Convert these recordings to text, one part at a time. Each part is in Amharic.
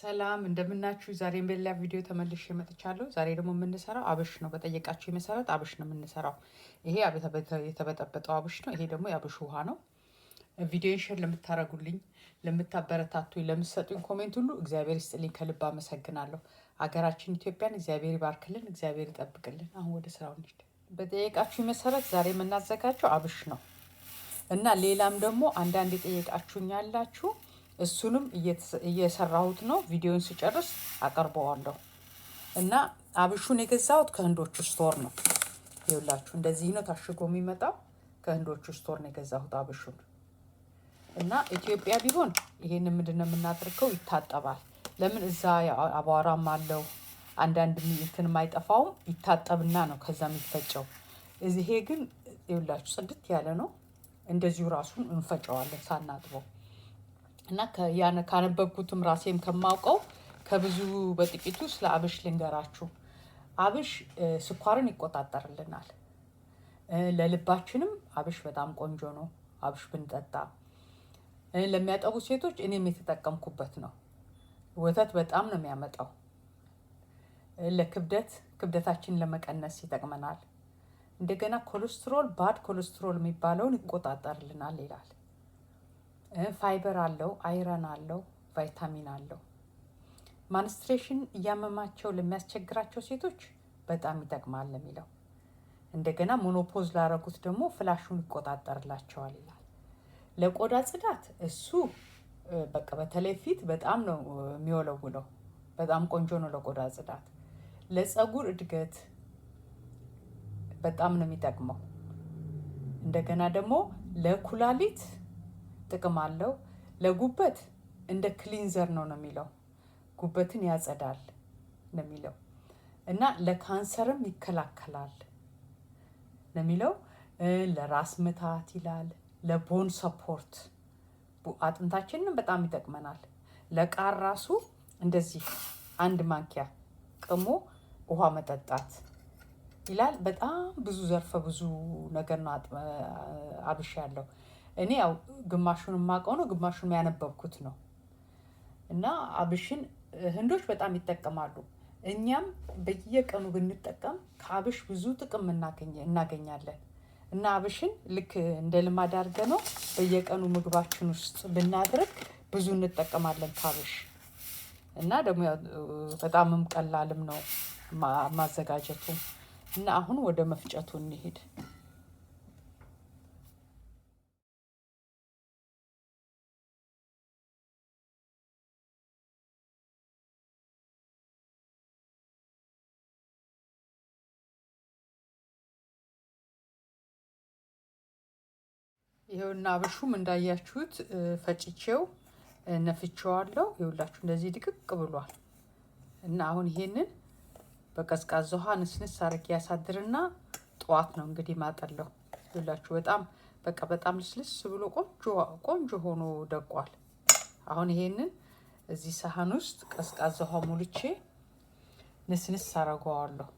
ሰላም እንደምናችሁ። ዛሬም በሌላ ቪዲዮ ተመልሼ መጥቻለሁ። ዛሬ ደግሞ የምንሰራው አብሽ ነው። በጠየቃችሁ መሰረት አብሽ ነው የምንሰራው። ይሄ የተበጠበጠው አብሽ ነው። ይሄ ደግሞ የአብሽ ውሃ ነው። ቪዲዮን ሼር ለምታረጉልኝ፣ ለምታበረታቱኝ፣ ለምትሰጡኝ ኮሜንት ሁሉ እግዚአብሔር ይስጥልኝ። ከልብ አመሰግናለሁ። አገራችን ኢትዮጵያን እግዚአብሔር ይባርክልን፣ እግዚአብሔር ይጠብቅልን። አሁን ወደ ስራው እንሂድ። በጠየቃችሁ መሰረት ዛሬ የምናዘጋጀው አብሽ ነው እና ሌላም ደግሞ አንዳንድ የጠየቃችሁኝ ያላችሁ እሱንም እየሰራሁት ነው። ቪዲዮን ስጨርስ አቀርበዋለሁ። እና አብሹን የገዛሁት ከህንዶቹ ስቶር ነው። ይኸውላችሁ እንደዚህ ነው ታሽጎ የሚመጣው። ከህንዶቹ ስቶር ነው የገዛሁት አብሹን። እና ኢትዮጵያ ቢሆን ይሄን ምንድን ነው የምናደርገው? ይታጠባል። ለምን እዛ አቧራም አለው አንዳንድ እንትን የማይጠፋውም ይታጠብና ነው ከዛ የሚፈጨው። እዚህ ግን ይኸውላችሁ ጽድት ያለ ነው። እንደዚሁ ራሱን እንፈጨዋለን ሳናጥበው እና ካነበብኩትም ራሴም ከማውቀው ከብዙ በጥቂቱ ስለ አብሽ ልንገራችሁ። አብሽ ስኳርን ይቆጣጠርልናል። ለልባችንም አብሽ በጣም ቆንጆ ነው። አብሽ ብንጠጣ ለሚያጠቡ ሴቶች እኔም የተጠቀምኩበት ነው። ወተት በጣም ነው የሚያመጣው። ለክብደት ክብደታችንን ለመቀነስ ይጠቅመናል። እንደገና ኮሌስትሮል ባድ ኮሌስትሮል የሚባለውን ይቆጣጠርልናል ይላል። ፋይበር አለው፣ አይረን አለው፣ ቫይታሚን አለው። ማንስትሬሽን እያመማቸው ለሚያስቸግራቸው ሴቶች በጣም ይጠቅማል የሚለው እንደገና ሞኖፖዝ ላረጉት ደግሞ ፍላሹን ይቆጣጠርላቸዋል ይላል። ለቆዳ ጽዳት እሱ በቃ በተለይ ፊት በጣም ነው የሚወለውለው። በጣም ቆንጆ ነው ለቆዳ ጽዳት። ለፀጉር እድገት በጣም ነው የሚጠቅመው። እንደገና ደግሞ ለኩላሊት ጥቅም አለው። ለጉበት እንደ ክሊንዘር ነው ነው የሚለው ጉበትን ያጸዳል ነው የሚለው እና ለካንሰርም ይከላከላል ነው የሚለው። ለራስ ምታት ይላል። ለቦን ሰፖርት አጥንታችንን በጣም ይጠቅመናል። ለቃር ራሱ እንደዚህ አንድ ማንኪያ ቅሞ ውሃ መጠጣት ይላል። በጣም ብዙ ዘርፈ ብዙ ነገር ነው አብሻ ያለው። እኔ ያው ግማሹን የማውቀው ነው፣ ግማሹን ያነበብኩት ነው። እና አብሽን ህንዶች በጣም ይጠቀማሉ። እኛም በየቀኑ ብንጠቀም ከአብሽ ብዙ ጥቅም እናገኛለን። እና አብሽን ልክ እንደ ልማድ አድርገ ነው በየቀኑ ምግባችን ውስጥ ብናድርግ ብዙ እንጠቀማለን ከአብሽ። እና ደግሞ በጣምም ቀላልም ነው ማዘጋጀቱ። እና አሁን ወደ መፍጨቱ እንሄድ። ይሄውና አብሹም እንዳያችሁት ፈጭቼው ነፍቼዋለሁ። ይኸውላችሁ እንደዚህ ድቅቅ ብሏል እና አሁን ይሄንን በቀዝቃዛ ውሃ ንስንስ አድርጌ ያሳድርና ጠዋት ነው እንግዲህ ማጠለው። ይኸውላችሁ በጣም በቃ በጣም ልስልስ ብሎ ቆንጆ ሆኖ ደቋል። አሁን ይሄንን እዚህ ሳህን ውስጥ ቀዝቃዛ ውሃ ሙልቼ ንስንስ አረገዋለሁ።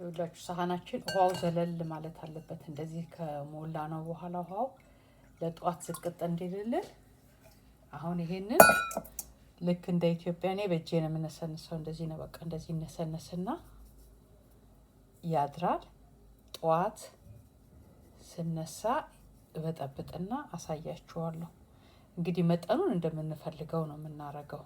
ይኸውላችሁ ሳህናችን ውሃው ዘለል ማለት አለበት። እንደዚህ ከሞላ ነው በኋላ ውሃው ለጠዋት ዝቅጥ እንዲልልን። አሁን ይሄንን ልክ እንደ ኢትዮጵያ እኔ በእጄ ነው የምነሰንሰው። እንደዚህ ነው በቃ እንደዚህ እነሰነስና ያድራል። ጠዋት ስነሳ እበጠብጥና አሳያችኋለሁ። እንግዲህ መጠኑን እንደምንፈልገው ነው የምናረገው።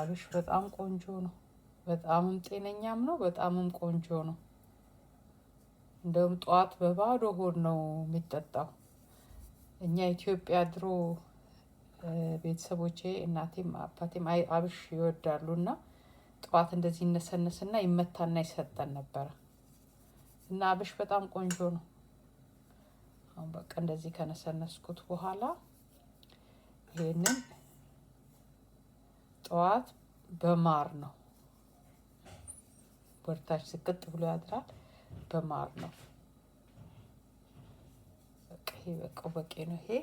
አብሽ በጣም ቆንጆ ነው። በጣምም ጤነኛም ነው። በጣምም ቆንጆ ነው። እንደውም ጠዋት በባዶ ሆድ ነው የሚጠጣው። እኛ ኢትዮጵያ ድሮ ቤተሰቦቼ እናቴም አባቴም አብሽ ይወዳሉ እና ጠዋት እንደዚህ ይነሰነስና ይመታና ይሰጠን ነበረ እና አብሽ በጣም ቆንጆ ነው። አሁን በቃ እንደዚህ ከነሰነስኩት በኋላ ይህንን ጠዋት በማር ነው። ወርታች ስቅጥ ብሎ ያድራል። በማር ነው። በቃ ይሄ በቃው በቂ ነው። ይሄ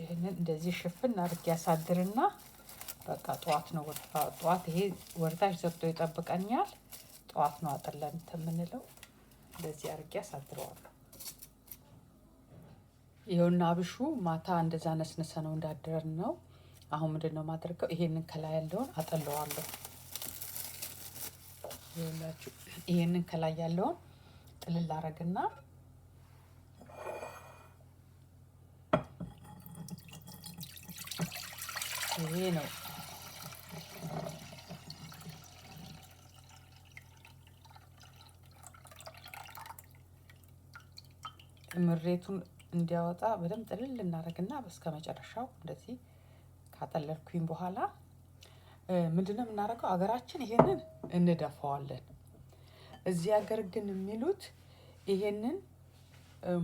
ይህንን እንደዚህ ሽፍን አድርጌ ያሳድርና በቃ ጠዋት ነው። ጠዋት ይሄ ወደታች ዘግቶ ይጠብቀኛል። ጠዋት ነው አጥለን የምንለው። እንደዚህ አድርጌ ያሳድረዋለሁ። ይኸውና አብሹ ማታ እንደዛ ነስነሰ ነው እንዳደረን ነው። አሁን ምንድን ነው ማድረገው? ይሄንን ከላይ ያለውን አጠለዋለሁ። ይኸውላችሁ ይሄንን ከላይ ያለውን ጥልል አረግና ይሄ ነው ምሬቱን እንዲያወጣ በደንብ ጥልል እናደርግና እስከ መጨረሻው እንደዚህ ካጠለልኩኝ በኋላ ምንድነው የምናደርገው? አገራችን ይሄንን እንደፋዋለን። እዚህ ሀገር ግን የሚሉት ይሄንን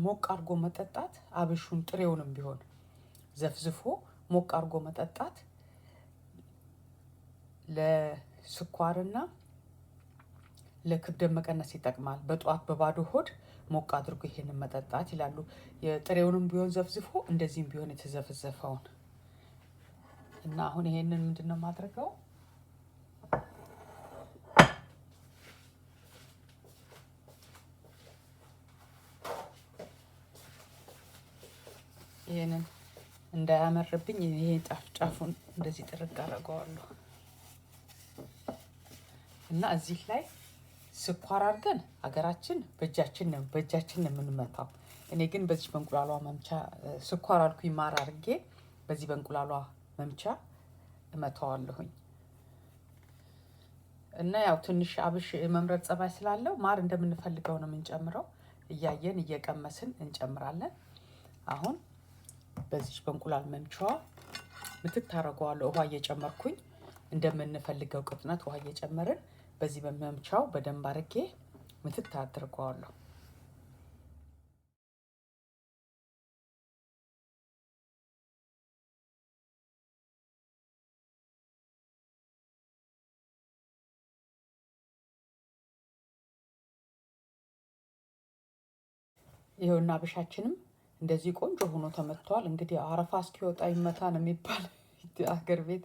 ሞቅ አድርጎ መጠጣት፣ አብሹን ጥሬውንም ቢሆን ዘፍዝፎ ሞቅ አድርጎ መጠጣት ለስኳርና ለክብደት መቀነስ ይጠቅማል። በጠዋት በባዶ ሆድ ሞቅ አድርጎ ይሄንን መጠጣት ይላሉ። የጥሬውንም ቢሆን ዘፍዝፎ እንደዚህም ቢሆን የተዘፈዘፈውን እና አሁን ይሄንን ምንድን ነው የማድረገው? ይህንን እንዳያመርብኝ ይሄ ጫፍ ጫፉን እንደዚህ ጥርቅ አደርገዋለሁ እና እዚህ ላይ ስኳር አድርገን ሀገራችን በእጃችን ነው በእጃችን ነው የምንመታው። እኔ ግን በዚህ በእንቁላሏ መምቻ ስኳር አልኩኝ ማር አድርጌ በዚህ በእንቁላሏ መምቻ እመታዋለሁኝ እና ያው ትንሽ አብሽ መምረጥ ጸባይ ስላለው ማር እንደምንፈልገው ነው የምንጨምረው። እያየን እየቀመስን እንጨምራለን። አሁን በዚህ በእንቁላል መምቻዋ ምትታረገዋለሁ ውሃ እየጨመርኩኝ እንደምንፈልገው ቅጥነት ውሃ እየጨመርን በዚህ በመምቻው በደንብ አድርጌ ምትት አድርገዋለሁ። ይኸውና ብሻችንም እንደዚህ ቆንጆ ሆኖ ተመትቷል። እንግዲህ አረፋ እስኪወጣ ይመታ ነው የሚባል አገር ቤት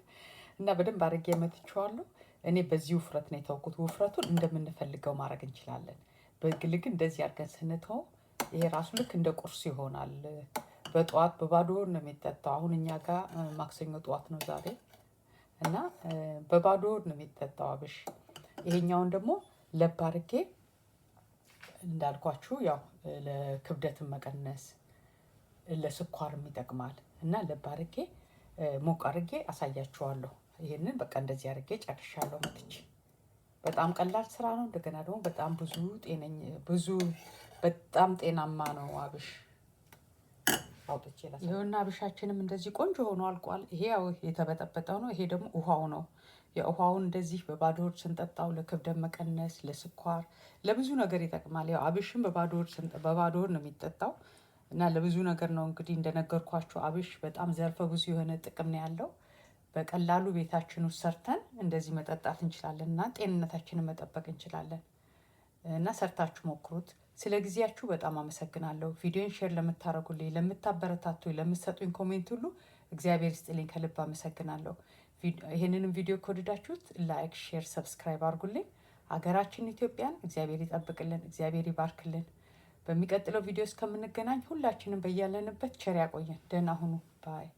እና በደንብ አድርጌ መትቼዋለሁ። እኔ በዚህ ውፍረት ነው የተውኩት። ውፍረቱን እንደምንፈልገው ማድረግ እንችላለን። በግል ግን እንደዚህ አድርገን ስንተው ይሄ ራሱ ልክ እንደ ቁርስ ይሆናል። በጠዋት በባዶ ነው የሚጠጣው። አሁን እኛ ጋር ማክሰኞ ጠዋት ነው ዛሬ እና በባዶ ነው የሚጠጣው አብሽ። ይሄኛውን ደግሞ ለብ አድርጌ እንዳልኳችሁ ያው ለክብደትን መቀነስ ለስኳርም ይጠቅማል እና ለብ አድርጌ ሞቅ አድርጌ አሳያችኋለሁ። ይሄንን በቃ እንደዚህ አድርጌ ጨርሻለሁ። መትቼ በጣም ቀላል ስራ ነው። እንደገና ደግሞ በጣም ብዙ ጤነኝ ብዙ በጣም ጤናማ ነው አብሽ አውጥቼ ላ አብሻችንም እንደዚህ ቆንጆ ሆኖ አልቋል። ይሄ ያው የተበጠበጠው ነው። ይሄ ደግሞ ውሃው ነው። የውሃውን እንደዚህ በባዶ ሆድ ስንጠጣው ለክብደት መቀነስ፣ ለስኳር፣ ለብዙ ነገር ይጠቅማል። ያው አብሽም በባዶ ሆድ ነው የሚጠጣው እና ለብዙ ነገር ነው እንግዲህ እንደነገርኳችሁ አብሽ በጣም ዘርፈ ብዙ የሆነ ጥቅም ነው ያለው። በቀላሉ ቤታችን ውስጥ ሰርተን እንደዚህ መጠጣት እንችላለን እና ጤንነታችንን መጠበቅ እንችላለን እና ሰርታችሁ ሞክሩት። ስለ ጊዜያችሁ በጣም አመሰግናለሁ። ቪዲዮን ሼር ለምታደርጉልኝ፣ ለምታበረታቱ፣ ለምትሰጡኝ ኮሜንት ሁሉ እግዚአብሔር ይስጥልኝ። ከልብ አመሰግናለሁ። ይህንንም ቪዲዮ ከወደዳችሁት ላይክ፣ ሼር፣ ሰብስክራይብ አድርጉልኝ። ሀገራችን ኢትዮጵያን እግዚአብሔር ይጠብቅልን፣ እግዚአብሔር ይባርክልን። በሚቀጥለው ቪዲዮ እስከምንገናኝ ሁላችንም በያለንበት ቸር ያቆየን። ደህና ሁኑ ባይ